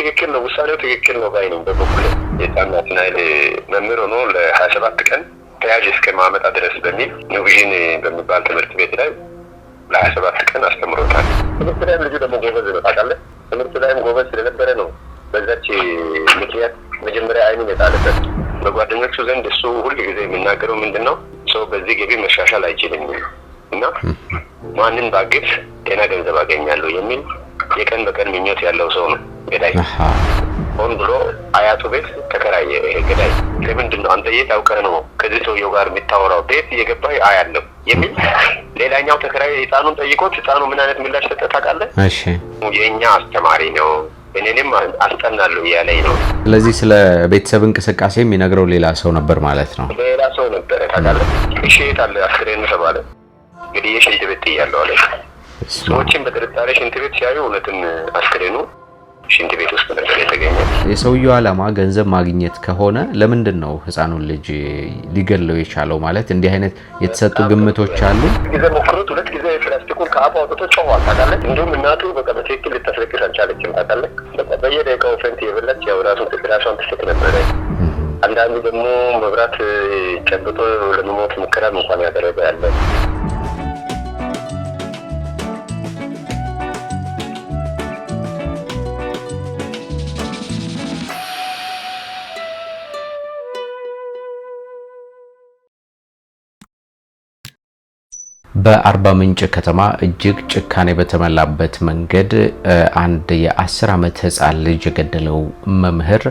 ትክክል ነው፣ ውሳኔው ትክክል ነው ባይ ነው። በበኩል የህፃናትን ኃይል መምህር ሆኖ ለሀያ ሰባት ቀን ተያዥ እስከ ማመጣ ድረስ በሚል ኒውቪዥን በሚባል ትምህርት ቤት ላይ ለሀያ ሰባት ቀን አስተምሮታል። ትምህርት ላይም ልጁ ደግሞ ጎበዝ ነው ታውቃለህ። ትምህርት ላይም ጎበዝ ስለነበረ ነው በዛች ምክንያት መጀመሪያ አይኑን የጣለበት። በጓደኞቹ ዘንድ እሱ ሁል ጊዜ የሚናገረው ምንድን ነው ሰው በዚህ ገቢ መሻሻል አይችልም እና ማንን ባግፍ ጤና ገንዘብ አገኛለሁ የሚል የቀን በቀን ምኞት ያለው ሰው ነው ገዳይ። ሆን ብሎ አያቱ ቤት ተከራየ። ይሄ ገዳይ ለምንድን ነው አንተ የት አውቀህ ነው ከዚህ ሰውየው ጋር የሚታወራው? ቤት እየገባ አያለው የሚል ሌላኛው ተከራይ ህፃኑን ጠይቆት ህፃኑ ምን አይነት ምላሽ ሰጠ ታውቃለህ? የእኛ አስተማሪ ነው እኔንም አስጠናለሁ እያለኝ ነው። ስለዚህ ስለ ቤተሰብ እንቅስቃሴ የሚነግረው ሌላ ሰው ነበር ማለት ነው። ሌላ ሰው ነበረ ታውቃለህ። እሺ የት አለ አስክሬን ተባለ። እንግዲህ የሽንት ቤት እያለሁ አለ ሰዎችን በጥርጣሬ ሽንት ቤት ሲያዩ እውነትም አስክሬኑ ሽንት ቤት ውስጥ ነበር የተገኘ። የሰውየው ዓላማ ገንዘብ ማግኘት ከሆነ ለምንድን ነው ህፃኑን ልጅ ሊገለው የቻለው? ማለት እንዲህ አይነት የተሰጡ ግምቶች አሉ። ጊዜ ሞክሩት። ሁለት ጊዜ ፕላስቲኩን ከአፏ አውጥቶ ጨዋል ታውቃለህ። እንዲሁም እናቱ በቃ በትክክል ልታስለቅስ አልቻለችም ታውቃለህ። በየደቂቃው ፈንት የበላች ያው ራሱን ራሷን ትስቅ ነበረ። አንዳንዱ ደግሞ መብራት ጨብጦ ለመሞት ሙከራ እንኳን ያደረገ ያለ በአርባ ምንጭ ከተማ እጅግ ጭካኔ በተሞላበት መንገድ አንድ የአስር ዓመት ህፃን ልጅ የገደለው መምህር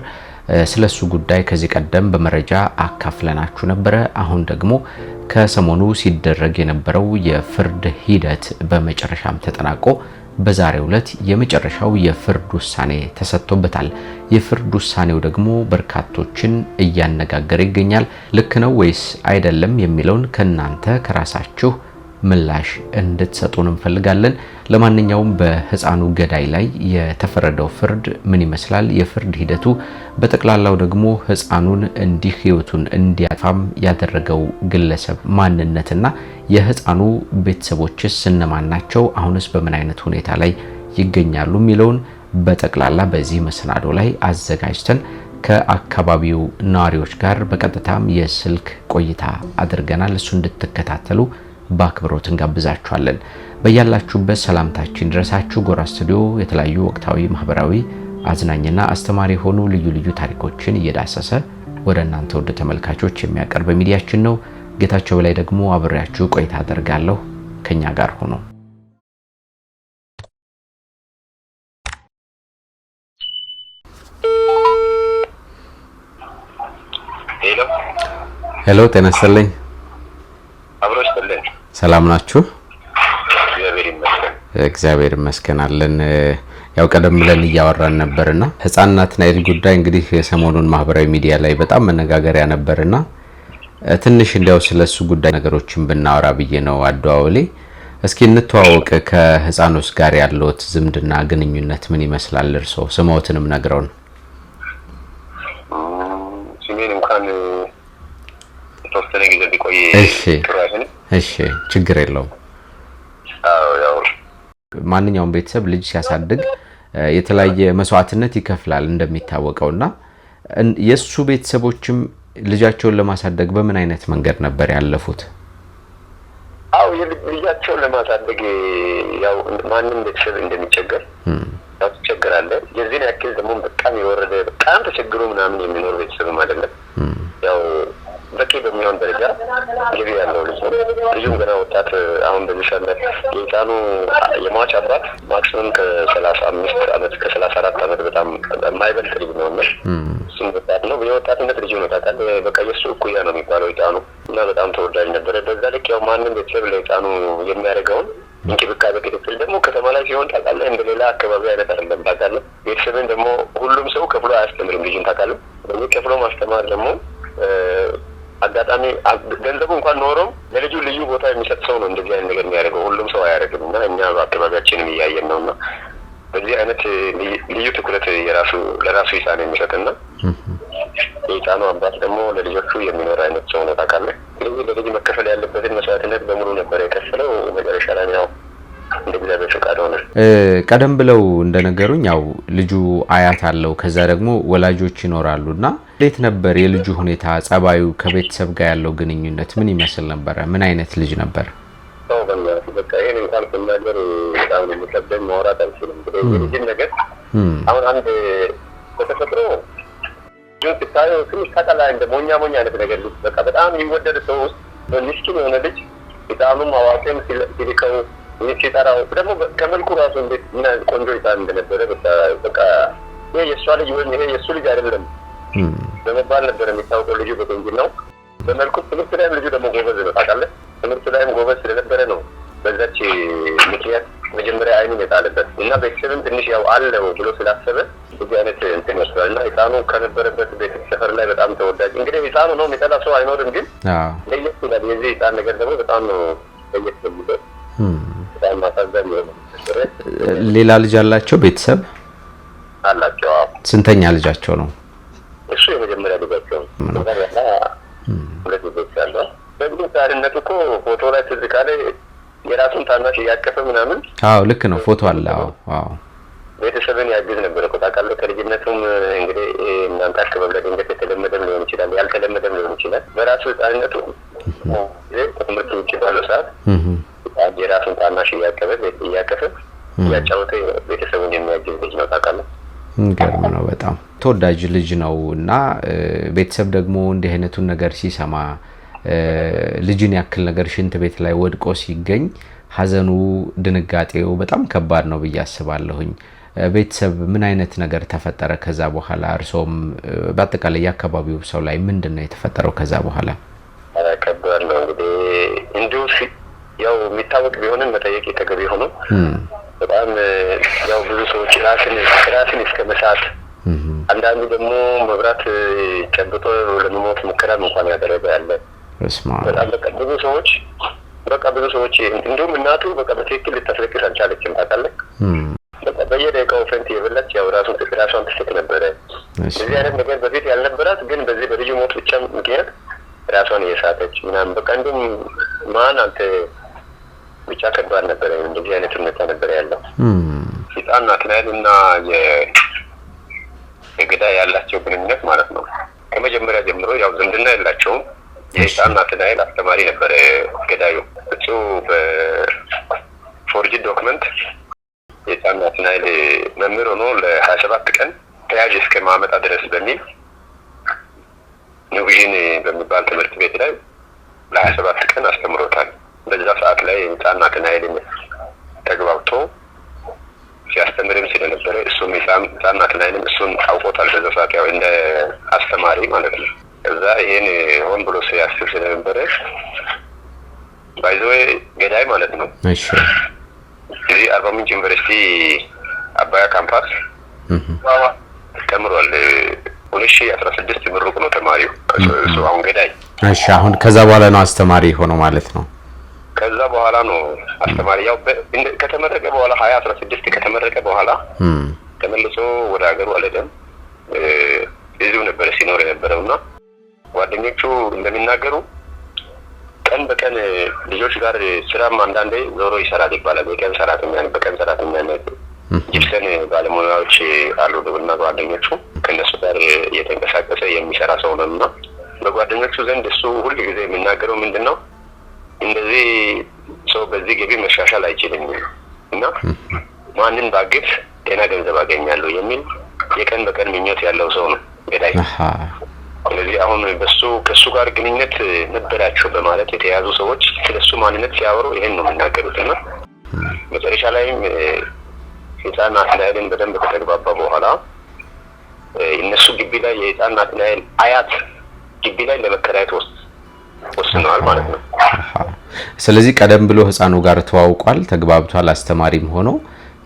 ስለሱ ጉዳይ ከዚህ ቀደም በመረጃ አካፍለናችሁ ነበረ። አሁን ደግሞ ከሰሞኑ ሲደረግ የነበረው የፍርድ ሂደት በመጨረሻም ተጠናቆ በዛሬው ዕለት የመጨረሻው የፍርድ ውሳኔ ተሰጥቶበታል። የፍርድ ውሳኔው ደግሞ በርካቶችን እያነጋገረ ይገኛል። ልክ ነው ወይስ አይደለም የሚለውን ከእናንተ ከራሳችሁ ምላሽ እንድትሰጡን እንፈልጋለን። ለማንኛውም በህፃኑ ገዳይ ላይ የተፈረደው ፍርድ ምን ይመስላል? የፍርድ ሂደቱ በጠቅላላው ደግሞ ህፃኑን እንዲህ ህይወቱን እንዲያፋም ያደረገው ግለሰብ ማንነትና የህፃኑ ቤተሰቦችስ እነማን ናቸው? አሁንስ በምን አይነት ሁኔታ ላይ ይገኛሉ የሚለውን በጠቅላላ በዚህ መሰናዶ ላይ አዘጋጅተን ከአካባቢው ነዋሪዎች ጋር በቀጥታም የስልክ ቆይታ አድርገናል። እሱ እንድትከታተሉ በአክብሮት እንጋብዛችኋለን። በያላችሁበት ሰላምታችን ድረሳችሁ። ጎራ ስቱዲዮ የተለያዩ ወቅታዊ፣ ማህበራዊ፣ አዝናኝና አስተማሪ የሆኑ ልዩ ልዩ ታሪኮችን እየዳሰሰ ወደ እናንተ ወደ ተመልካቾች የሚያቀርብ ሚዲያችን ነው። ጌታቸው በላይ ደግሞ አብሬያችሁ ቆይታ አደርጋለሁ። ከኛ ጋር ሆኖ ሄሎ ጤና ይስጥልኝ። ሰላም ናችሁ? እግዚአብሔር ይመስገን አለን። ያው ቀደም ብለን እያወራን ነበርና ህፃን ናትናኤል ጉዳይ እንግዲህ ሰሞኑን ማህበራዊ ሚዲያ ላይ በጣም መነጋገሪያ ነበርና ትንሽ እንዲያው ስለ ጉዳይ ነገሮችን ብናወራ ብዬ ነው አደዋውሌ። እስኪ እንተዋወቅ። ከህፃኖች ጋር ያለዎት ዝምድና ግንኙነት ምን ይመስላል? እርስዎ ነግረው ነው። ስሜን እንኳን የተወሰነ ጊዜ ቢቆይ እሺ ችግር የለውም። ማንኛውም ቤተሰብ ልጅ ሲያሳድግ የተለያየ መስዋዕትነት ይከፍላል እንደሚታወቀው እና የእሱ ቤተሰቦችም ልጃቸውን ለማሳደግ በምን አይነት መንገድ ነበር ያለፉት? አው ልጃቸውን ለማሳደግ ያው ማንም ቤተሰብ እንደሚቸገር ያው ትቸግራለህ። የዚህን ያክል ደግሞ በጣም የወረደ በጣም ተቸግሮ ምናምን የሚኖር ቤተሰብም አይደለም። ልጅም ገና ወጣት አሁን በሚሻለት የህፃኑ የሟች አባት ማክሲመም ከሰላሳ አምስት አመት ከሰላሳ አራት አመት በጣም የማይበልጥ ልጅ ነው ምል እሱም ወጣት ነው። የወጣትነት ልጅ ይመጣታል። በቃ የእሱ እኩያ ነው የሚባለው ህፃኑ እና በጣም ተወዳጅ ነበረ። በዛ ልክ ያው ማንም ቤተሰብ ለህፃኑ የሚያደርገውን እንክብካቤ ክትትል ደግሞ ከተማ ላይ ሲሆን ታውቃለህ፣ እንደ ሌላ አካባቢ አይነት አይደለም ታውቃለህ። ቤተሰብን ደግሞ ሁሉም ሰው ከፍሎ አያስተምርም ልጅን ታውቃለህ። በዚህ ከፍሎ ማስተማር ደግሞ አጋጣሚ ገንዘቡ እንኳን ኖሮም ለልጁ ልዩ ቦታ የሚሰጥ ሰው ነው እንደዚህ አይነት ነገር የሚያደርገው። ሁሉም ሰው አያደርግም እና እኛ በአካባቢያችንም እያየን ነው እና በዚህ አይነት ልዩ ትኩረት የራሱ ለራሱ ህፃን የሚሰጥ እና የህፃኑ አባት ደግሞ ለልጆቹ የሚኖር አይነት ሰው ነው። ታውቃለህ፣ ስለዚህ ለልጅ መከፈል ያለበትን መስዋዕትነት በሙሉ ነበር የከፈለው። መጨረሻ ላይ ያው እንደ እግዚአብሔር ፈቃድ ሆነ። ቀደም ብለው እንደነገሩኝ ያው ልጁ አያት አለው፣ ከዛ ደግሞ ወላጆች ይኖራሉ እና እንዴት ነበር የልጁ ሁኔታ ጸባዩ? ከቤተሰብ ጋር ያለው ግንኙነት ምን ይመስል ነበረ? ምን አይነት ልጅ ነበር? ይህን እንኳን ስናገር በጣም ነው የሚከብደኝ፣ አልችልም። ግን ነገር አሁን አንድ በተፈጥሮ ግን ስታየው ትንሽ ታቀላ እንደ ሞኛ ሞኛ አይነት ነገር ልጅ በቃ በጣም የሚወደድ ሰው ውስጥ ምስኪን የሆነ ልጅ ህፃኑም አዋቂም ሲልከው ሲጠራው ደግሞ ከመልኩ ራሱ እንዴት ቆንጆ ህፃን እንደነበረ በቃ ይሄ የእሷ ልጅ ወይም ይሄ የእሱ ልጅ አይደለም በመባል ነበር የሚታወቀው። ልጁ በቆንጆ ነው በመልኩ ትምህርት ላይም ልጁ ደግሞ ጎበዝ ነው ታውቃለህ። ላይም ጎበዝ ስለነበረ ነው በዛች ምክንያት መጀመሪያ አይኑን የጣለበት እና ቤተሰብም ትንሽ ያው አለው ብሎ ስላሰበ እዚህ አይነት እንትን እና ህፃኑ ከነበረበት ቤት ሰፈር ላይ በጣም ተወዳጅ እንግዲህ ህፃኑ ነው የሚጠላ ሰው አይኖርም፣ ግን ለየት ይላል። የዚህ ህፃን ነገር ደግሞ በጣም ነው ለየት በጣም ሌላ ልጅ አላቸው ቤተሰብ አላቸው። ስንተኛ ልጃቸው ነው? እሱ የመጀመሪያ ልጃቸው መሪያና ሁለት ልጆች አለው። በብዙ ታሪነቱ እኮ ፎቶ ላይ ትዝ ካለ የራሱን ታናሽ እያቀፈ ምናምን። አዎ ልክ ነው፣ ፎቶ አለ። አዎ አዎ። ቤተሰብን ያግዝ ነበር እኮ ታውቃለህ። ከልጅነቱም እንግዲህ እናንተ አካባቢ ላይ ድንገት የተለመደም ሊሆን ይችላል፣ ያልተለመደም ሊሆን ይችላል። በራሱ ህፃንነቱ ከትምህርት ውጭ ባለው ሰዓት የራሱን ታናሽ እያቀፈ እያቀፈ እያጫወተ ቤተሰቡን የሚያግዝ ልጅ ነው ታውቃለህ። ገርም ነው። በጣም ተወዳጅ ልጅ ነው እና ቤተሰብ ደግሞ እንዲህ አይነቱን ነገር ሲሰማ ልጅን ያክል ነገር ሽንት ቤት ላይ ወድቆ ሲገኝ ሀዘኑ ድንጋጤው በጣም ከባድ ነው ብዬ አስባለሁኝ። ቤተሰብ ምን አይነት ነገር ተፈጠረ ከዛ በኋላ? እርስም በአጠቃላይ የአካባቢው ሰው ላይ ምንድን ነው የተፈጠረው ከዛ በኋላ? ከባድ ነው እንግዲህ እንዲሁ ያው የሚታወቅ ቢሆንም መጠየቅ የተገቢ ሆነው በጣም ያው ብዙ ሰዎች ራስን ራስን እስከ መሳት አንዳንዱ ደግሞ መብራት ጨብጦ ለመሞት ሙከራም እንኳን ያደረገ ያለ በጣም በቃ ብዙ ሰዎች በቃ ብዙ ሰዎች እንዲሁም እናቱ በቃ በትክክል ልታስለቅስ አልቻለችም። ታውቃለህ በቃ በየደቂቃው ፈንት የበላች ያው ራሱን ራሷን ትስቅ ነበረ። እዚህ አይነት ነገር በፊት ያልነበራት ግን በዚህ በልጁ ሞት ብቻ ምክንያት ራሷን እየሳተች ምናምን በቃ እንዲሁም ማን አንተ ብቻ ከባድ ነበረ። እንደዚህ አይነት ሁኔታ ነበር ያለው ሴጣን አክናኤልና የገዳይ ያላቸው ግንኙነት ማለት ነው። ከመጀመሪያ ጀምሮ ያው ዝምድና የላቸውም። የህፃን ናትናኤል አስተማሪ ነበረ ገዳዩ። እሱ በፎርጅ ዶክመንት የህፃን ናትናኤል መምህር ሆኖ ለሀያ ሰባት ቀን ተያዥ እስከ ማመጣ ድረስ በሚል ኒውቪዥን በሚባል ትምህርት ቤት ላይ ለሀያ ሰባት ቀን አስተምሮታል። በዛ ሰዓት ላይ ህንፃና ትናይልን ተግባብቶ ሲያስተምርም ስለነበረ እሱም ህፃና ትናይልም እሱን አውቆታል። በዛ ሰዓት ያው እንደ አስተማሪ ማለት ነው። እዛ ይህን ሆን ብሎ ሲያስብ ስለነበረ ባይዘ ገዳይ ማለት ነው። እዚህ አርባ ምንጭ ዩኒቨርሲቲ አባያ ካምፓስ ተምሯል። ሁለት ሺ አስራ ስድስት ምሩቅ ነው ተማሪው እሱ አሁን ገዳይ። እሺ አሁን ከዛ በኋላ ነው አስተማሪ ሆኖ ማለት ነው። ከዛ በኋላ ነው አስተማሪ ያው ከተመረቀ በኋላ ሀያ አስራ ስድስት ከተመረቀ በኋላ hmm. ተመልሶ ወደ ሀገሩ አለደም እዚሁ ነበረ ሲኖር የነበረው እና ጓደኞቹ እንደሚናገሩ ቀን በቀን ልጆች ጋር ስራም አንዳንዴ ዞሮ ይሰራል ይባላል። የቀን ሰራተኛ በቀን ሰራተኛ ጅብሰን hmm. ባለሙያዎች አሉ ግብና ጓደኞቹ ከእነሱ ጋር እየተንቀሳቀሰ የሚሰራ ሰው ነው እና በጓደኞቹ ዘንድ እሱ ሁል ጊዜ የሚናገረው ምንድን ነው እንደዚህ ሰው በዚህ ገቢ መሻሻል አይችልም እና ማንን ባግድ ጤና ገንዘብ አገኛለሁ የሚል የቀን በቀን ምኞት ያለው ሰው ነው ገዳይ። ስለዚህ አሁን በሱ ከእሱ ጋር ግንኙነት ነበራቸው በማለት የተያዙ ሰዎች ስለ እሱ ማንነት ሲያወሩ ይህን ነው የምናገሩት እና መጨረሻ ላይም ህፃን ናትናኤልን በደንብ ከተግባባ በኋላ እነሱ ግቢ ላይ የህፃን ናትናኤል አያት ግቢ ላይ ለመከራየት ውስጥ ወስነዋል ማለት ነው። ስለዚህ ቀደም ብሎ ህፃኑ ጋር ተዋውቋል፣ ተግባብቷል፣ አስተማሪም ሆኖ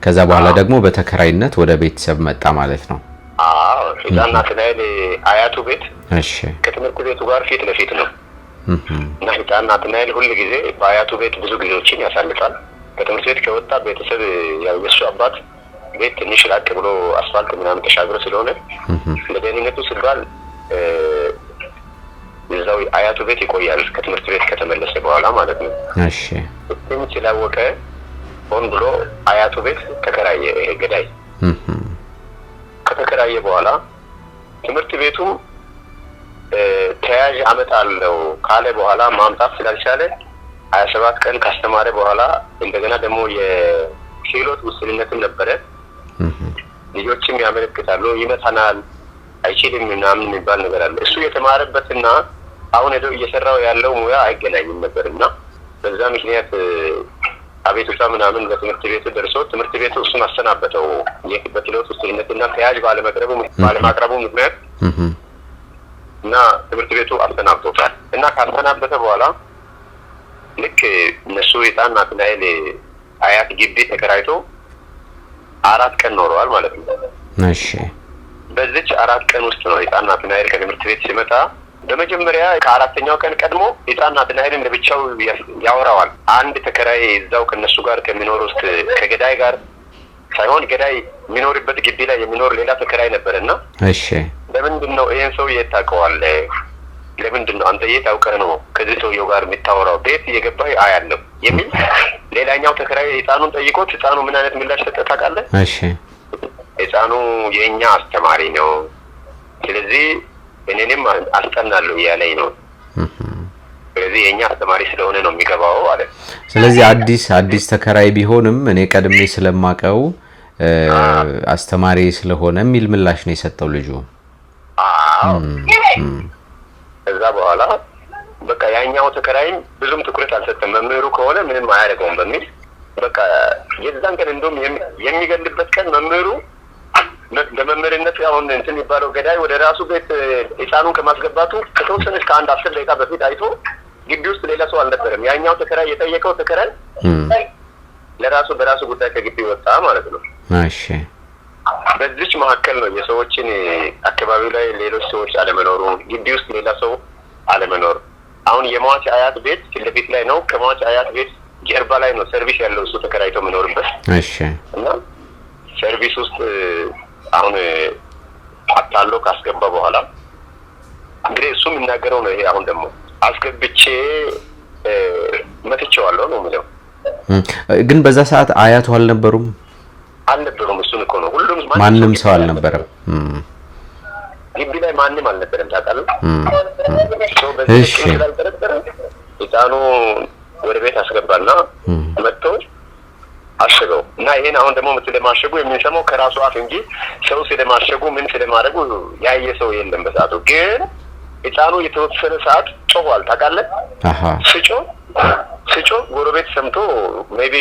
ከዛ በኋላ ደግሞ በተከራይነት ወደ ቤተሰብ መጣ ማለት ነው። ሱዳንና እስራኤል አያቱ ቤት ከትምህርት ቤቱ ጋር ፊት ለፊት ነው እና ህፃን ናትናኤል ሁል ጊዜ በአያቱ ቤት ብዙ ጊዜዎችን ያሳልጣል። ከትምህርት ቤት ከወጣ ቤተሰብ ያው የሱ አባት ቤት ትንሽ ራቅ ብሎ አስፋልት ምናምን ተሻግሮ ስለሆነ ለደህንነቱ ሲባል እዛው አያቱ ቤት ይቆያል ከትምህርት ቤት ከተመለሰ በኋላ ማለት ነው። እሺ እሱም ስላወቀ ሆን ብሎ አያቱ ቤት ተከራየ። ይሄ ገዳይ ከተከራየ በኋላ ትምህርት ቤቱ ተያዥ አለው። ካለ በኋላ ማምጣት ስላልቻለ ሀያ ሰባት ቀን ካስተማረ በኋላ እንደገና ደግሞ የክህሎት ውስንነትም ነበረ። ልጆችም ያመለክታሉ ይመታናል አይችልም ምናምን የሚባል ነገር አለ። እሱ የተማረበትና አሁን ሄዶ እየሰራው ያለው ሙያ አይገናኝም ነበር እና በዛ ምክንያት አቤቱታ ምናምን በትምህርት ቤቱ ደርሶ ትምህርት ቤቱ እሱን አሰናበተው። በችሎት ውስንነትና ተያዥ ባለመቅረቡ ባለማቅረቡ ምክንያት እና ትምህርት ቤቱ አሰናብቶታል እና ካሰናበተ በኋላ ልክ እነሱ የጣና ትናኤል አያት ግቢ ተከራይቶ አራት ቀን ኖረዋል ማለት ነው። እሺ በዚች አራት ቀን ውስጥ ነው የጣና ትናይል ከትምህርት ቤት ሲመጣ በመጀመሪያ ከአራተኛው ቀን ቀድሞ ህፃን አድናኤልን ለብቻው ያወራዋል። አንድ ተከራይ እዛው ከነሱ ጋር ከሚኖር ውስጥ ከገዳይ ጋር ሳይሆን ገዳይ የሚኖርበት ግቢ ላይ የሚኖር ሌላ ተከራይ ነበር እና እሺ፣ ለምንድን ነው ይህን ሰው የት ታውቀዋለህ? ለምንድን ነው አንተ የት አውቀህ ነው ከዚህ ሰውየው ጋር የሚታወራው? ቤት እየገባህ አያለው የሚል ሌላኛው ተከራይ ህፃኑን ጠይቆት ህፃኑ ምን አይነት ምላሽ ሰጠ ታውቃለህ? እሺ፣ ህፃኑ የእኛ አስተማሪ ነው ስለዚህ እኔንም አስጠናለሁ እያለኝ ነው። ስለዚህ የእኛ አስተማሪ ስለሆነ ነው የሚገባው አለ። ስለዚህ አዲስ አዲስ ተከራይ ቢሆንም እኔ ቀድሜ ስለማቀው አስተማሪ ስለሆነ የሚል ምላሽ ነው የሰጠው ልጁ። ከዛ በኋላ በቃ ያኛው ተከራይም ብዙም ትኩረት አልሰጠም። መምህሩ ከሆነ ምንም አያደርገውም በሚል በቃ የዛን ቀን እንደውም የሚገልበት ቀን መምህሩ በመምህርነት አሁን እንትን የሚባለው ገዳይ ወደ ራሱ ቤት ህፃኑን ከማስገባቱ ከተወሰነ እስከ አንድ አስር ደቂቃ በፊት አይቶ ግቢ ውስጥ ሌላ ሰው አልነበረም። ያኛው ተከራይ የጠየቀው ተከራይ ለራሱ በራሱ ጉዳይ ከግቢ ወጣ ማለት ነው። እሺ በዚች መካከል ነው የሰዎችን አካባቢው ላይ ሌሎች ሰዎች አለመኖሩ፣ ግቢ ውስጥ ሌላ ሰው አለመኖር አሁን የሟች አያት ቤት ፊት ለፊት ላይ ነው። ከሟች አያት ቤት ጀርባ ላይ ነው ሰርቪስ ያለው እሱ ተከራይቶ የሚኖርበት እና ሰርቪስ ውስጥ አሁን አታሎ ካስገባ በኋላ እንግዲህ እሱ የሚናገረው ነው። ይሄ አሁን ደግሞ አስገብቼ መትቼዋለሁ ነው የሚለው። ግን በዛ ሰዓት አያቱ አልነበሩም አልነበሩም። እሱን እኮ ነው ሁሉም ማንም ሰው አልነበረም። ግቢ ላይ ማንም አልነበረም። ታውቃለህ፣ በዚህ ህፃኑ ወደ ቤት አስገባና መጥቶ አሸገው እና ይህን አሁን ደግሞ ስለማሸጉ የምንሰማው ከራሱ አፍ እንጂ ሰው ስለማሸጉ ምን ስለማድረጉ ያየ ሰው የለም። በሰዓቱ ግን ህፃኑ የተወሰነ ሰዓት ጮኋል። ታውቃለህ፣ ስጮ ስጮ ጎረቤት ሰምቶ ሜይ ቢ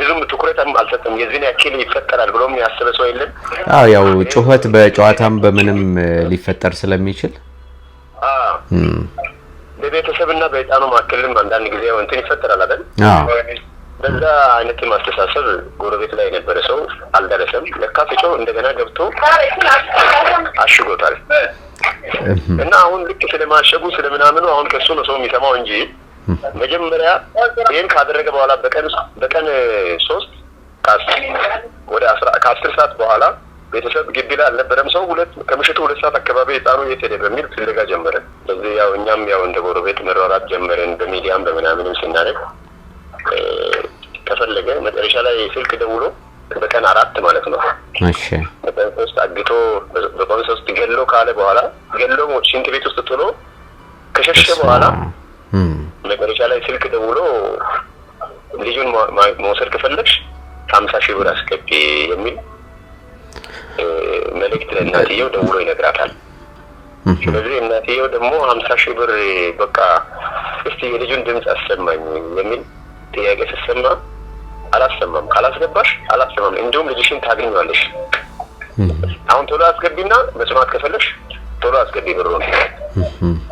ብዙም ትኩረትም አልሰጥም የዚህን ያክል ይፈጠራል ብሎም ያስበ ሰው የለም። አዎ ያው ጩኸት በጨዋታም በምንም ሊፈጠር ስለሚችል በቤተሰብና በህፃኑ መካከልም አንዳንድ ጊዜ እንትን ይፈጠራል አይደል? በዛ አይነት ማስተሳሰብ ጎረቤት ላይ የነበረ ሰው አልደረሰም። ለካ ፍጮ እንደገና ገብቶ አሽጎታል። እና አሁን ልክ ስለማሸጉ ስለምናምኑ አሁን ከሱ ነው ሰው የሚሰማው እንጂ መጀመሪያ ይህን ካደረገ በኋላ በቀን በቀን ሶስት ወደ ከአስር ሰዓት በኋላ ቤተሰብ ግቢ ላይ አልነበረም። ሰው ሁለት ከምሽቱ ሁለት ሰዓት አካባቢ ህፃኑ የት ሄደ በሚል ፍለጋ ጀመረ። በዚህ ያው እኛም ያው እንደ ጎረቤት መሯራት ጀመረን። በሚዲያም በምናምንም ስናደርግ ከፈለገ መጨረሻ ላይ ስልክ ደውሎ በቀን አራት ማለት ነው በቀን ሶስት አግቶ በቀን ሶስት ገሎ ካለ በኋላ ገሎ ሽንት ቤት ውስጥ ጥሎ ከሸሸ በኋላ መጨረሻ ላይ ስልክ ደውሎ ልጁን መውሰድ ከፈለግሽ ከሀምሳ ሺህ ብር አስገቢ የሚል መልእክት ለእናትየው ደውሎ ይነግራታል። ስለዚህ እናትየው ደግሞ ሀምሳ ሺህ ብር በቃ እስቲ የልጁን ድምፅ አሰማኝ የሚል ጥያቄ ስሰማ አላሰማም። ካላስገባሽ አላሰማም። እንዲሁም ልጅሽን ታገኘዋለሽ። አሁን ቶሎ አስገቢና መስማት ከፈለሽ ቶሎ አስገቢ ብሮ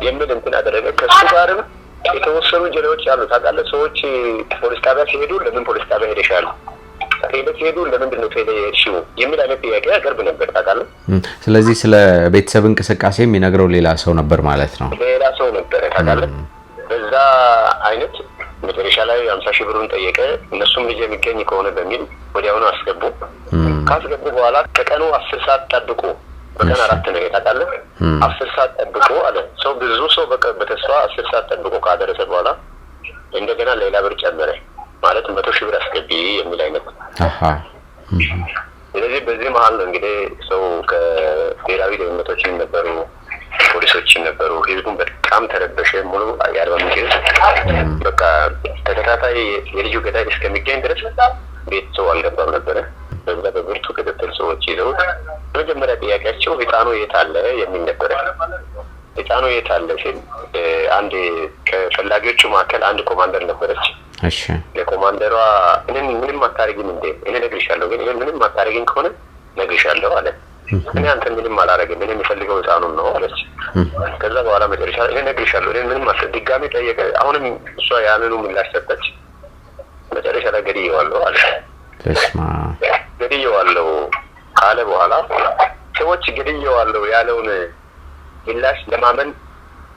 የሚል እንትን አደረገ። ከሱ ጋርም የተወሰኑ ጀሌዎች አሉ ታውቃለህ። ሰዎች ፖሊስ ጣቢያ ሲሄዱ ለምን ፖሊስ ጣቢያ ሄደሻል ሄደት ሲሄዱ ለምንድን ነው ሄድሽው የሚል አይነት ጥያቄ ያቀርብ ነበር ታውቃለህ። ስለዚህ ስለ ቤተሰብ እንቅስቃሴ የሚነግረው ሌላ ሰው ነበር ማለት ነው። ሌላ ሰው ነበረ ታውቃለህ። በዛ አይነት መጨረሻ ላይ አምሳ ሺህ ብሩን ጠየቀ። እነሱም ልጅ የሚገኝ ከሆነ በሚል ወዲያውኑ አስገቡ። ካስገቡ በኋላ ከቀኑ አስር ሰዓት ጠብቁ በቀን አራት ነው ታውቃለህ። አስር ሰዓት ጠብቁ አለ ሰው ብዙ ሰው በተስፋ አስር ሰዓት ጠብቆ ካደረሰ በኋላ እንደገና ሌላ ብር ጨመረ። ማለት መቶ ሺህ ብር አስገቢ የሚል አይነት። ስለዚህ በዚህ መሀል ነው እንግዲህ ሰው ከብሔራዊ ደህንነቶች የሚነበሩ ፖሊሶች ነበሩ። ህዝቡን በጣም ተረበሸ። ሙሉ የአርባ ምንጭ ህዝብ በቃ ተከታታይ የልዩ ገዳይ እስከሚገኝ ድረስ ቤት ሰው አልገባም ነበረ። በዛ በብርቱ ክትትል ሰዎች ይዘውት መጀመሪያ ጥያቄያቸው ህፃኑ የት አለ የሚል ነበረ። ህፃኑ የት አለ ሲል አንድ ከፈላጊዎቹ መካከል አንድ ኮማንደር ነበረች። ለኮማንደሯ እኔን ምንም አታደርጊም እንዴ? እኔ እነግርሻለሁ፣ ግን እኔን ምንም አታደርጊም ከሆነ እነግርሻለሁ አለ። እኔ አንተን ምንም አላደርግም፣ እኔ የሚፈልገው ህፃኑን ነው አለች። ከዛ በኋላ መጨረሻ እኔ እነግርሻለሁ፣ እኔ ምንም አስ ድጋሚ ጠየቀ። አሁንም እሷ ያንኑ ምላሽ ሰጠች። መጨረሻ ላይ ገድየዋለሁ አለ። ገድየዋለሁ ካለ በኋላ ሰዎች ገድየዋለሁ ያለውን ምላሽ ለማመን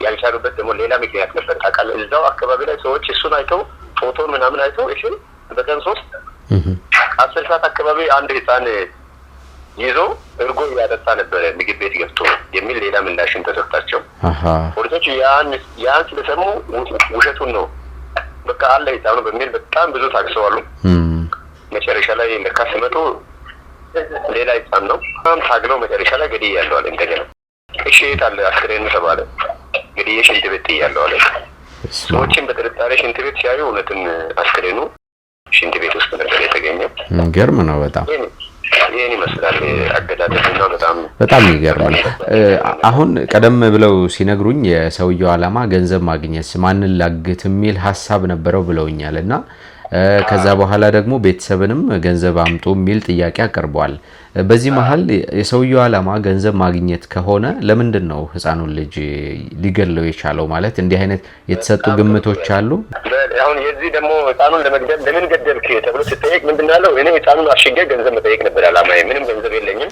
ያልቻሉበት ደግሞ ሌላ ምክንያት ነበር ታውቃለህ። እዛው አካባቢ ላይ ሰዎች እሱን አይተው ፎቶን ምናምን አይተው እሺ፣ በቀን ሶስት አስር ሰዓት አካባቢ አንድ ህፃን ይዞ እርጎ እያጠጣ ነበረ ምግብ ቤት ገብቶ የሚል ሌላ ምላሽን ተሰጥታቸው ፖሊሶች ያን ስለሰሙ ውሸቱን ነው በቃ አለ ይጣኑ በሚል በጣም ብዙ ታግሰዋሉ። መጨረሻ ላይ ለካ ስመጡ ሌላ ይጣን ነው በጣም ታግለው መጨረሻ ላይ ገድ ያለዋል። እንደገና እሺ የት አለ አስክሬኑ ተባለ። ገዲ ሽንት ቤት ያለዋል። ሰዎችን በጥርጣሬ ሽንት ቤት ሲያዩ እውነትም አስክሬኑ ሽንት ቤት ውስጥ ነበር የተገኘው። ገርም ነው በጣም ይህን ይመስላል አገዳደልና በጣም በጣም ይገርማል። አሁን ቀደም ብለው ሲነግሩኝ የሰውየው ዓላማ ገንዘብ ማግኘት ማንን ላግት የሚል ሀሳብ ነበረው ብለውኛል እና ከዛ በኋላ ደግሞ ቤተሰብንም ገንዘብ አምጡ የሚል ጥያቄ አቅርቧል። በዚህ መሀል የሰውየው ዓላማ ገንዘብ ማግኘት ከሆነ ለምንድን ነው ህፃኑን ልጅ ሊገለው የቻለው? ማለት እንዲህ አይነት የተሰጡ ግምቶች አሉ። አሁን የዚህ ደግሞ ህፃኑን ለመግደል ለምን ገደልክ ተብሎ ስጠየቅ ምንድን ያለው እኔ ህፃኑን አሽጌ ገንዘብ መጠየቅ ነበር ዓላማ። ምንም ገንዘብ የለኝም፣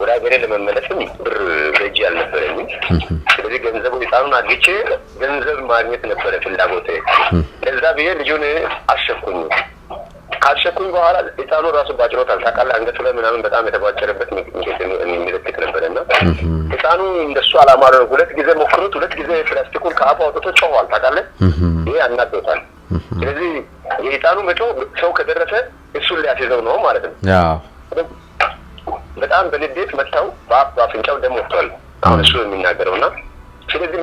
ወደ ሀገሬ ለመመለስም ብር በእጅ አልነበረኝም። ስለዚህ ገንዘቡ ህፃኑን አግቼ ገንዘብ ማግኘት ነበረ ፍላጎት ለዛ ብዬ ልጁን አሸኩኝ። ካሸኩኝ በኋላ ህፃኑ ራሱ ባጭሮታል ታውቃለህ። አንገቱ ላይ ምናምን በጣም የተባጨረበት ምልክት ነበረ እና ህፃኑ እንደሱ ነው ሁለት ጊዜ ሞክሩት። ሁለት ጊዜ ፕላስቲኩን ከአፉ አውጥቶ ጮኋል ታውቃለህ። ይሄ አናዶታል። ስለዚህ የህፃኑ መጮ ሰው ከደረሰ እሱን ሊያስይዘው ነው ማለት ነው። በጣም በንዴት መጥተው በአፍ በአፍንጫው ደሞ ወጥቷል። አሁን እሱ የሚናገረው እና ስለዚህ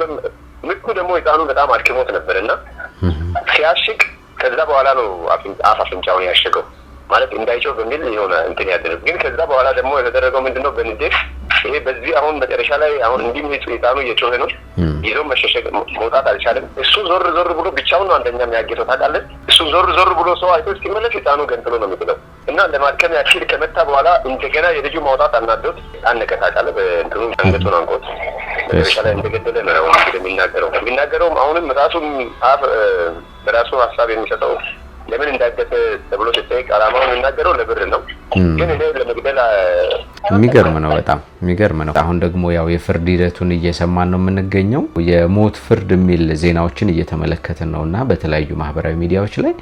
ምኩ ደግሞ ህፃኑ በጣም አድክሞት ነበር እና ሲያሽቅ ከዛ በኋላ ነው አፍ አፍንጫውን ያሸገው ማለት እንዳይጮህ በሚል የሆነ እንትን ያደረግ ግን ከዛ በኋላ ደግሞ የተደረገው ምንድነው በንዴት ይሄ በዚህ አሁን መጨረሻ ላይ አሁን እንዲህ ህፃኑ እየጮኸ ነው። ይዞ መሸሸግ መውጣት አልቻለም። እሱ ዞር ዞር ብሎ ብቻውን ነው አንደኛ የሚያጌተው ታውቃለህ። እሱ ዞር ዞር ብሎ ሰው አይቶ እስኪመለስ ህፃኑ ገንጥሎ ነው የሚጥለው እና ለማከም ያክል ከመታ በኋላ እንደገና የልጁ ማውጣት አናዶት አነቀ ታውቃለህ። በእንትኑ አንገቱን አንቆት መጨረሻ ላይ እንደገደለ ነው የሚናገረው የሚናገረውም አሁንም ራሱም በራሱ ሀሳብ የሚሰጠው ለምን እንዳገተ ተብሎ ሲጠይቅ አላማውን የሚናገረው ለብር ነው። ግን እኔ ለመግደል የሚገርም ነው፣ በጣም የሚገርም ነው። አሁን ደግሞ ያው የፍርድ ሂደቱን እየሰማን ነው የምንገኘው። የሞት ፍርድ የሚል ዜናዎችን እየተመለከትን ነው እና በተለያዩ ማህበራዊ ሚዲያዎች ላይ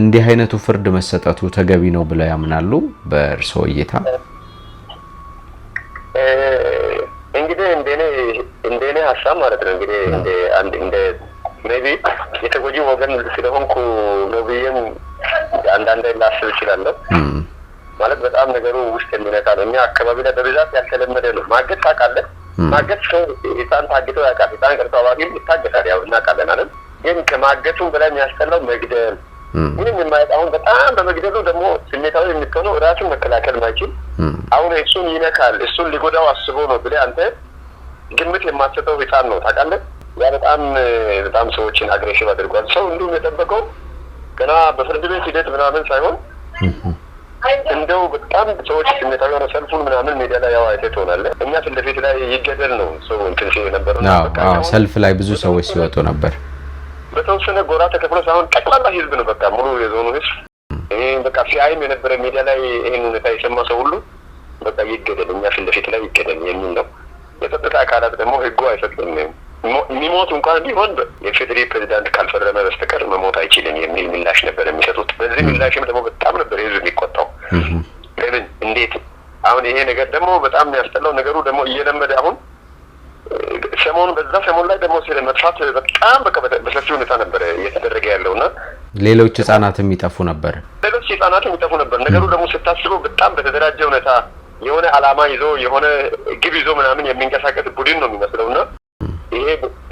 እንዲህ አይነቱ ፍርድ መሰጠቱ ተገቢ ነው ብለው ያምናሉ? በእርስዎ እይታ? እንግዲህ እንደኔ ሀሳብ ማለት ነው እንግዲህ እንደ ሜቢ የተጎጂ ወገን ስለሆንኩ ነው ብዬም አንዳንድ ላስብ እችላለሁ። ማለት በጣም ነገሩ ውስጥ የሚነካ ነው። እኛ አካባቢ ላይ በብዛት ያልተለመደ ነው። ማገት ታውቃለህ፣ ማገት ሰው ህፃን ታግተው ያውቃል። ህፃን ቀርቶ አዋቂም ይታገታል፣ ያው እናውቃለን አይደል? ግን ከማገቱ በላይ የሚያስጠላው መግደል ምንም የማየት አሁን በጣም በመግደሉ ደግሞ ስሜታዊ የምትሆነው ራሱን መከላከል ማይችል አሁን እሱን ይነካል፣ እሱን ሊጎዳው አስቦ ነው ብለህ አንተ ግምት የማትሰጠው ህፃን ነው ታውቃለህ ያ በጣም በጣም ሰዎችን አግሬሲቭ አድርጓል። ሰው እንዲሁም የጠበቀው ገና በፍርድ ቤት ሂደት ምናምን ሳይሆን እንደው በጣም ሰዎች ስሜታዊ የሆነ ሰልፉን ምናምን ሜዳ ላይ ያው አይተህ ትሆናለህ። እኛ ፊት ለፊት ላይ ይገደል ነው ሰው እንትን ሲል ነበር። ሰልፍ ላይ ብዙ ሰዎች ሲወጡ ነበር። በተወሰነ ጎራ ተከፍሎ ሳይሆን ጠቅላላ ህዝብ ነው በቃ ሙሉ የዞኑ ህዝብ ይሄ በቃ ሲአይም የነበረ ሜዳ ላይ ይህን ሁኔታ የሰማ ሰው ሁሉ በቃ ይገደል፣ እኛ ፊት ለፊት ላይ ይገደል የሚል ነው። የጸጥታ አካላት ደግሞ ህጉ አይፈቅድም የሚሞት እንኳን ቢሆን የፌዴሬ ፕሬዚዳንት ካልፈረመ በስተቀር መሞት አይችልም የሚል ምላሽ ነበር የሚሰጡት። በዚህ ምላሽም ደግሞ በጣም ነበር ህዝብ የሚቆጣው። ለምን እንዴት አሁን ይሄ ነገር ደግሞ በጣም የሚያስጠላው ነገሩ ደግሞ እየለመደ አሁን ሰሞኑ በዛ ሰሞን ላይ ደግሞ ስለ መጥፋት በጣም በሰፊ ሁኔታ ነበረ እየተደረገ ያለው እና ሌሎች ህጻናት የሚጠፉ ነበር፣ ሌሎች ህጻናት የሚጠፉ ነበር። ነገሩ ደግሞ ስታስበው በጣም በተደራጀ ሁኔታ የሆነ አላማ ይዞ የሆነ ግብ ይዞ ምናምን የሚንቀሳቀስ ቡድን ነው የሚመስለው እና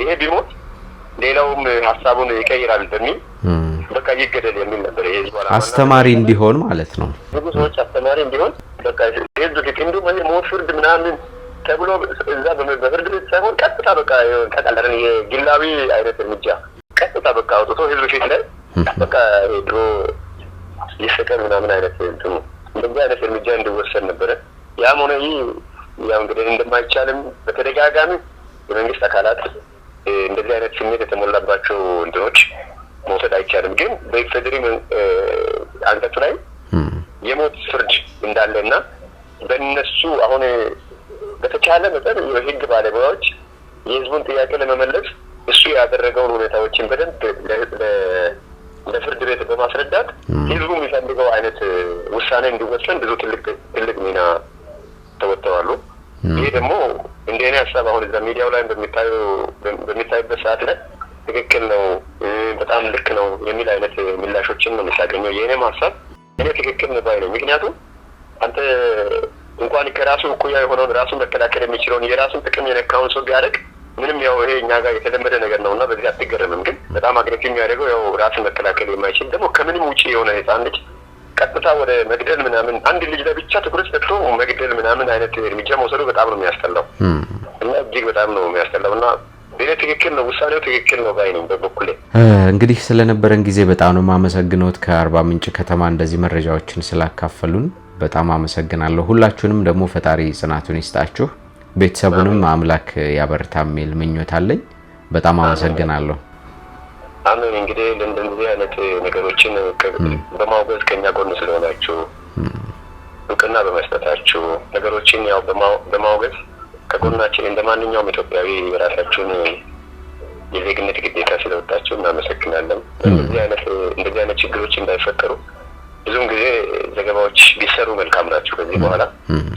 ይሄ ቢሞት ሌላውም ሀሳቡን ይቀይራል በሚል በቃ ይገደል የሚል ነበር። የህዝቡ አስተማሪ እንዲሆን ማለት ነው። ብዙ ሰዎች አስተማሪ እንዲሆን በቃ ህዝብ ፊት እንዲሁም ሞት ፍርድ ምናምን ተብሎ እዛ በፍርድ ቤት ሳይሆን ቀጥታ በቃ ቀጣለን የግላዊ አይነት እርምጃ ቀጥታ በቃ አውጥቶ ህዝብ ፊት ላይ በቃ ድሮ ይሰቀል ምናምን አይነት እንትኑ እንደዚህ አይነት እርምጃ እንዲወሰድ ነበረ። ያም ሆነ ይህ ያው እንግዲህ እንደማይቻልም በተደጋጋሚ የመንግስት አካላት እንደዚህ አይነት ስሜት የተሞላባቸው እንትኖች መውሰድ አይቻልም። ግን በኢፌዴሪ አንቀጽ ላይ የሞት ፍርድ እንዳለ እና በእነሱ አሁን በተቻለ መጠን የህግ ባለሙያዎች የህዝቡን ጥያቄ ለመመለስ እሱ ያደረገውን ሁኔታዎችን በደንብ ለፍርድ ቤት በማስረዳት ህዝቡ የሚፈልገው አይነት ውሳኔ እንዲወሰን ብዙ ትልቅ ትልቅ ሚና ተወጥተዋሉ። ይህ ደግሞ እንደ እኔ ሀሳብ አሁን እዛ ሚዲያው ላይ በሚታዩበት ሰዓት ላይ ትክክል ነው፣ በጣም ልክ ነው የሚል አይነት ምላሾችን ነው የምታገኘው። የእኔም ሀሳብ እኔ ትክክል ባይ ነው። ምክንያቱም አንተ እንኳን ከራሱ እኩያ የሆነውን ራሱን መከላከል የሚችለውን የራሱን ጥቅም የነካውን ሰው ቢያደርግ ምንም ያው ይሄ እኛ ጋር የተለመደ ነገር ነው እና በዚህ አትገረምም። ግን በጣም አግሬሲቭ የሚያደርገው ያው ራሱን መከላከል የማይችል ደግሞ ከምንም ውጭ የሆነ ህፃን ልጅ ቀጥታ ወደ መግደል ምናምን አንድ ልጅ ላይ ብቻ ትኩረት ሰጥቶ መግደል ምናምን አይነት እርምጃ መውሰዱ በጣም ነው የሚያስጠላው እና እጅግ በጣም ነው የሚያስጠላው እና ቤኔ ትክክል ነው፣ ውሳኔው ትክክል ነው ባይ ነው በበኩሌ። እንግዲህ ስለነበረን ጊዜ በጣም ነው ማመሰግነውት ከአርባ ምንጭ ከተማ እንደዚህ መረጃዎችን ስላካፈሉን በጣም አመሰግናለሁ። ሁላችሁንም ደግሞ ፈጣሪ ጽናቱን ይስጣችሁ፣ ቤተሰቡንም አምላክ ያበርታ የሚል ምኞት አለኝ። በጣም አመሰግናለሁ። አሁን እንግዲህ እንደዚህ አይነት ነገሮችን በማውገዝ ከኛ ጎን ስለሆናችሁ እውቅና በመስጠታችሁ ነገሮችን ያው በማውገዝ ከጎናችን እንደ ማንኛውም ኢትዮጵያዊ የራሳችሁን የዜግነት ግዴታ ስለወጣችሁ እናመሰግናለን። እንደዚህ አይነት እንደዚህ አይነት ችግሮች እንዳይፈጠሩ ብዙም ጊዜ ዘገባዎች ቢሰሩ መልካም ናቸው። ከዚህ በኋላ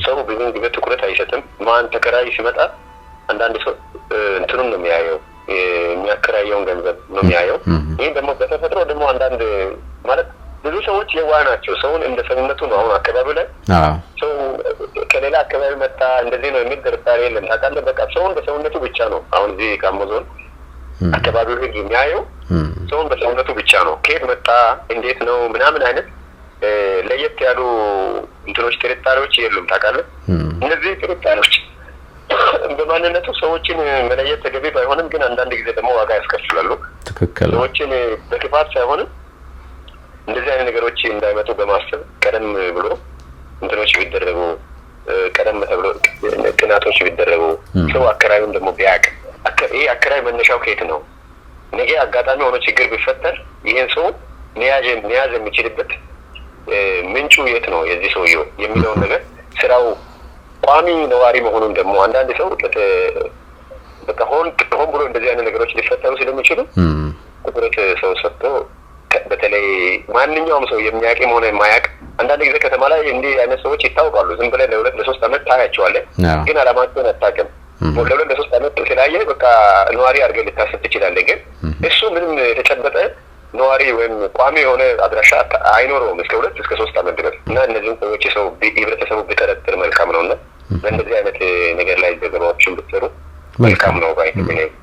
ሰው ብዙም ጊዜ ትኩረት አይሰጥም። ማን ተከራይ ሲመጣ አንዳንድ ሰው እንትኑን ነው የሚያየው የሚያከራየውን ገንዘብ ነው የሚያየው። ይህ ደግሞ በተፈጥሮ ደግሞ አንዳንድ ማለት ብዙ ሰዎች የዋህ ናቸው። ሰውን እንደ ሰውነቱ ነው። አሁን አካባቢው ላይ ሰው ከሌላ አካባቢ መጣ እንደዚህ ነው የሚል ጥርጣሬ የለም። ታውቃለህ፣ በቃ ሰውን በሰውነቱ ብቻ ነው። አሁን እዚህ ጋሞ ዞን አካባቢው ህግ የሚያየው ሰውን በሰውነቱ ብቻ ነው። ከየት መጣ እንዴት ነው ምናምን አይነት ለየት ያሉ እንትኖች ጥርጣሬዎች የሉም። ታውቃለህ፣ እነዚህ ጥርጣሬዎች በማንነቱ ሰዎችን መለየት ተገቢ ባይሆንም ግን አንዳንድ ጊዜ ደግሞ ዋጋ ያስከፍላሉ። ትክክል። ሰዎችን በክፋት ሳይሆንም እንደዚህ አይነት ነገሮች እንዳይመጡ በማሰብ ቀደም ብሎ እንትኖች ቢደረጉ ቀደም ተብሎ ቅናቶች ቢደረጉ ሰው አከራዩን ደግሞ ቢያቅ ይህ አከራይ መነሻው ከየት ነው፣ ነገ አጋጣሚ ሆኖ ችግር ቢፈጠር ይህን ሰው መያዝ የሚችልበት ምንጩ የት ነው የዚህ ሰውየው የሚለውን ነገር ስራው ቋሚ ነዋሪ መሆኑን ደግሞ አንዳንድ ሰው በቃ ሆን ሆን ብሎ እንደዚህ አይነት ነገሮች ሊፈጠሩ ስለሚችሉ ትኩረት ሰው ሰጥቶ በተለይ ማንኛውም ሰው የሚያውቅም መሆነ የማያውቅ አንዳንድ ጊዜ ከተማ ላይ እንዲህ አይነት ሰዎች ይታወቃሉ። ዝም ብለህ ለሁለት ለሶስት ዓመት ታያቸዋለህ፣ ግን አላማቸውን አታውቅም። ለሁለት ለሶስት ዓመት ስላየህ በቃ ነዋሪ አድርገህ ልታስብ ትችላለህ። ግን እሱ ምንም የተጨበጠ ነዋሪ ወይም ቋሚ የሆነ አድራሻ አይኖረውም እስከ ሁለት እስከ ሶስት አመት ድረስ እና እነዚህም ሰዎች ሰው ህብረተሰቡ ቢጠረጥር መልካም ነውና በእንደዚህ አይነት ነገር ላይ ዘገባዎችን ብትሰሩ መልካም ነው።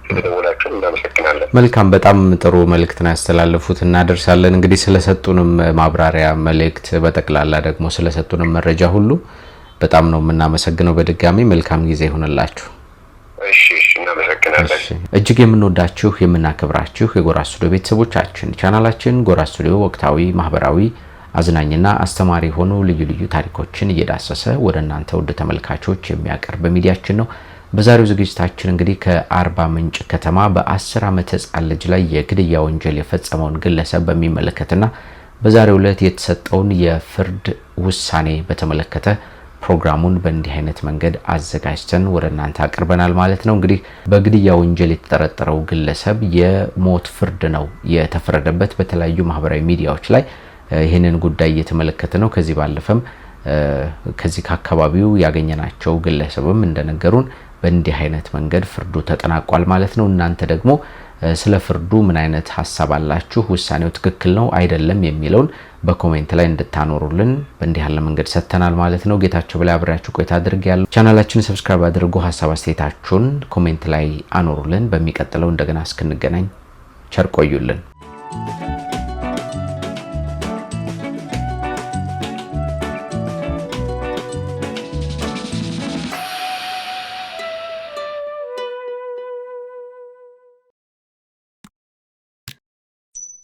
ስለደወላችሁ እናመሰግናለን። መልካም በጣም ጥሩ መልእክትን ያስተላለፉት እናደርሳለን። እንግዲህ ስለሰጡንም ማብራሪያ መልእክት፣ በጠቅላላ ደግሞ ስለሰጡንም መረጃ ሁሉ በጣም ነው የምናመሰግነው። በድጋሚ መልካም ጊዜ ይሆንላችሁ። እጅግ የምንወዳችሁ የምናከብራችሁ የጎራ ስቱዲዮ ቤተሰቦቻችን ቻናላችን ጎራ ስቱዲዮ ወቅታዊ፣ ማህበራዊ አዝናኝና አስተማሪ የሆኑ ልዩ ልዩ ታሪኮችን እየዳሰሰ ወደ እናንተ ውድ ተመልካቾች የሚያቀርብ ሚዲያችን ነው። በዛሬው ዝግጅታችን እንግዲህ ከአርባ ምንጭ ከተማ በ10 ዓመት ሕፃን ልጅ ላይ የግድያ ወንጀል የፈጸመውን ግለሰብ በሚመለከትና በዛሬው ዕለት የተሰጠውን የፍርድ ውሳኔ በተመለከተ ፕሮግራሙን በእንዲህ አይነት መንገድ አዘጋጅተን ወደ እናንተ አቅርበናል ማለት ነው። እንግዲህ በግድያ ወንጀል የተጠረጠረው ግለሰብ የሞት ፍርድ ነው የተፈረደበት። በተለያዩ ማህበራዊ ሚዲያዎች ላይ ይህንን ጉዳይ እየተመለከተ ነው። ከዚህ ባለፈም ከዚህ ከአካባቢው ያገኘናቸው ግለሰብም እንደነገሩን በእንዲህ አይነት መንገድ ፍርዱ ተጠናቋል ማለት ነው። እናንተ ደግሞ ስለ ፍርዱ ምን አይነት ሀሳብ አላችሁ? ውሳኔው ትክክል ነው አይደለም የሚለውን በኮሜንት ላይ እንድታኖሩልን በእንዲህ ያለ መንገድ ሰጥተናል ማለት ነው። ጌታቸው በላይ አብሬያችሁ ቆይታ አድርግ ያለው ቻናላችን ሰብስክራይብ አድርጉ። ሀሳብ አስተያየታችሁን ኮሜንት ላይ አኖሩልን። በሚቀጥለው እንደገና እስክንገናኝ ቸር ቆዩልን።